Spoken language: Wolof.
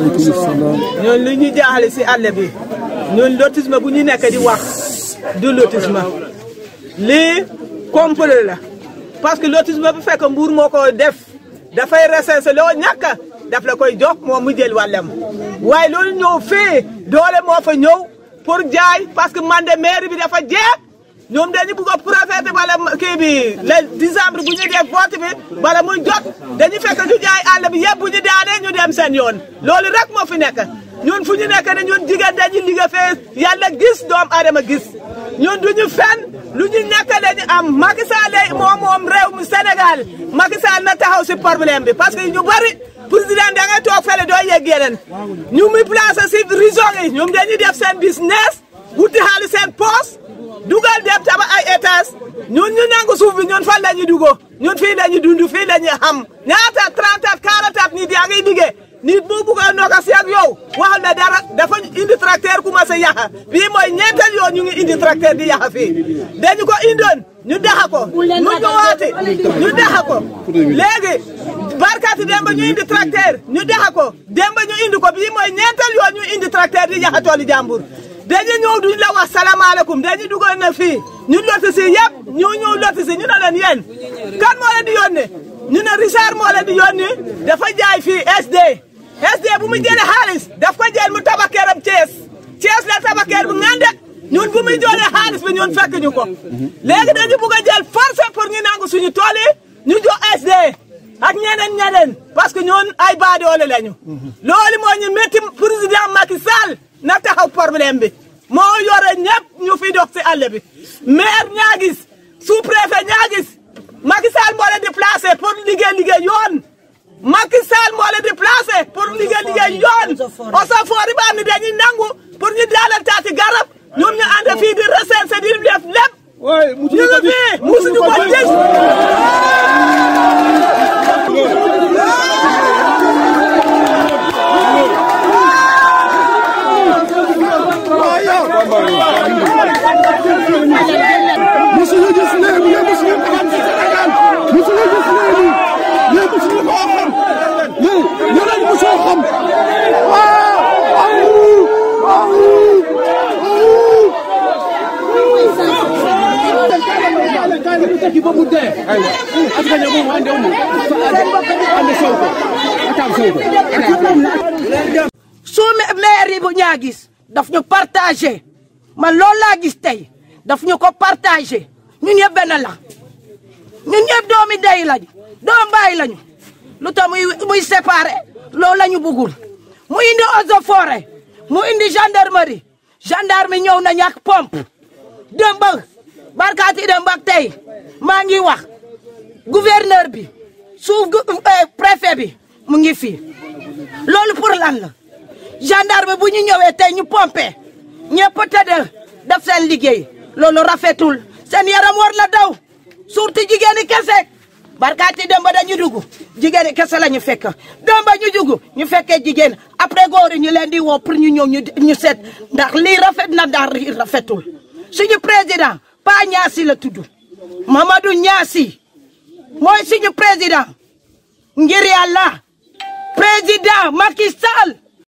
aleykum salaam. ñooñu li ñu jaaxle si àll bi ñooñu lotissement bu ñu nekk di wax du lotissement lii complot la parce que lotissement bu fekk mbuur moo ko def dafay recensé loo ñàkk daf la koy jox moom mu jël wàllam waaye loolu ñëw fii doole moo fa ñëw pour jaay parce que man maire bi dafa jeex. ñoom dañu bëgg a profité wala kii bi le décembre bu ñu def vote bi wala muy jot dañu fekk ñu jaay àll bi yëpp bu ñu daane dem seen yoon loolu rek moo fi nekk ñun fu ñu nekk ne ñun jigéen dañu liggéey fee yàlla gis doom aadama gis ñun du ñu fenn lu ñu nekk dañu am Macky Sall moom moom réew mu Sénégal Macky Sall na taxaw si ñu bari président da ngay toog fële doo yegg yeneen ñu muy si région yi ñoom dañuy def seen business wuti xaalis seen poche dugal dem ay étages ñun ñu nangu suuf ñun fan la ñun fii la ñuy dund ñaata 30 at stade ni dia yaa ngay liggéey nit bu ko noo ko si ak yow waxal na dara dafa indi tracteur sa yaha bi moy ñeenteel yoon ñu ngi indi tracteur di yaha fi dañu ko indon ñu daxako ñu ko waté ñu daxako légui léegi barkaati demba ñu indi tracteur ñu daxako demba ñu indi ko bi moy ñeenteel yoon ñu indi tracteur di yaha toli jambour dañu ñëw duñ la wax salaamaaleykum dañu duggoon na fi ñu lotisi si ñu ñëw lotisi ñu na len yeen kan moo leen di yónnee ñu ne Richard moo leen di yónnee dafa jaay fii SD SD bu mu jëlee xaalis daf ko jël mu tabax këram Thiès Thiès la tabax bu ngande ñun bu muy jëlee xaalis bi ñun fekk ñu ko léegi dañu bugg a jël force pour ñu nangu suñu tool ñu jox SD ak ñeneen ñeneen parce que ñun ay baadoole lañu. loolu moo ñu métti président Macky Sall na taxaw problème bi moo yore ñëpp ñu fi dox si àll bi maire ñaa gis Macky Sall mo leen di placé pour liggéey liggéey yoon Ousseyfour yi ba ni dañuy nangu pour ñu daalal taati garab ñoom ñu ànd fii di recensé di def lépp ñu ngi fii musuñu ko gis ñu tekki ba mu dee. askan wi bu ñaa gis ñu partagé man loolu laa tey daf ñu ko partagé ñun ñëpp benn la ñun ñëpp doomi dey doom bàyyi lu tax muy muy séparé loolu la mu indi eaux mu indi gendarmerie gendarme ñëw na ñàkk pompe démb barkaati dem bak tay ma ngi wax gouverneur bi souf eh, préfet bi mu ngi fi lolou pour lan la gendarme bu ñu ñowé tay ñu pompé ta de def sen liggéey lolou rafetul sen yaram war la daw surtout jigéeni kese barkaati dem ba dañu dugg jigéni kessé lañu fekk dem ba ñu dugg ñu fekké jigéne après goor ñu lén di wo pour ñu ñew ñu set ndax li rafet na dar lii rafetul suñu président Pa Ñaasi la tudd Mamadou Ñaasi mooy suñu président ngir yàlla président